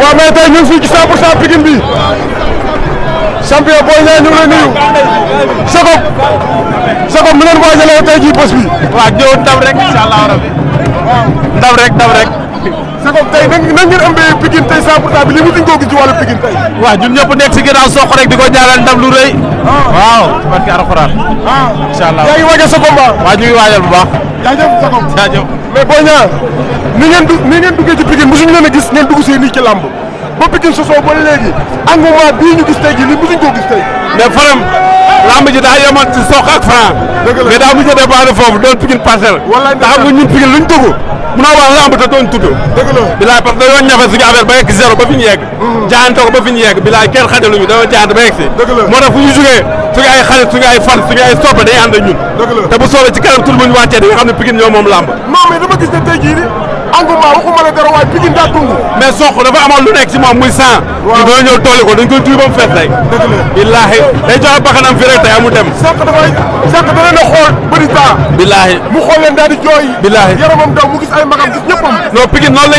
waaw mais tey ñu ngi fii ci 100 pour 100 Pikine bi champion Boy Niang ñu ngi lay nuyu Jacob mi ngeen waajalee tey jii bés bi. waaw ñëw ndam rek incha allah rabi ndam rek ndam rek. bi li mu duñ ko gis ci wàllu Pikine tey. waaw ñun ñëpp nekk si ginnaaw soq rek di ko ñaanal ndam lu rëy. Ah. waaw barke alxuraan. incha allah yaa ngi waajal sa combat. waaw ñu ngi waajal bu baax. jaajëf sa combat jaajëf. mais Boy Niang ni ngeen du ni ngeen duggee ci Pikine mosuñu leen a gis ngeen dugg see nii ci làmb ba Pikine sosoo ba léegi engouement bii ñu gis tey jii nii mosuñu koo gis tey. mais faram làmb ji daa yemoon ci soq ak franc. dëgg la mais daa mujj a dépendre foofu doon Pikine parcelle. wallaay dëgg la taxaw ñun Pikine luñ dugg. munoo wax lamb te doon tudd. dëgg la bilaay parce que dañoo ñafe suñu affaire ba yegg si zéro ba fi ñu yegg. Mm. jaante ko ba fi ñu yegg bilaay kenn xajaluñu dañoo jaante ba yegg si. dëgg la moo tax fu ñu jugee xarit suñu ay fan suñu ay soppe day ànd a ñun te bu soobee ci kanam tur bu ñu wàccee nga xam ne Pikine a noonu lay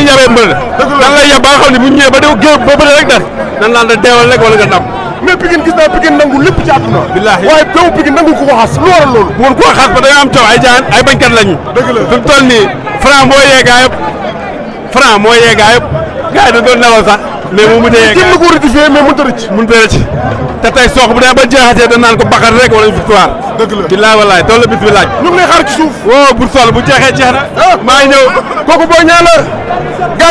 yabee mbër dan lay yab ba xam ne bu ñu ba de rek des nan naan da deewal rek wala nga dam mais Pikine gis naa Pikine nangu lépp ci àdduna billahi waaye doomu Pikine nangu ku ko xas lu waral loolu bu woon ku ko xas ba da nga am coow ay jaan ay bañkat lañu dëgg la fi mu toll nii franc moo yee gaa yëpp franc moo yee gaa yëpp gaa yi dañ doon nelaw sax mais mu mutee yee gaa yëpp ko rectifier mais mënut a rëcc mënut a rëcc te bu dee ba jeexatee dañ naan ko bakkat rek wala victoire dëgg la billahi wallahi toll bis bi laaj ñu ngi xaar ci suuf waaw bu sol bu jeexee jeex na ah. maa ngi ñëw kooku boo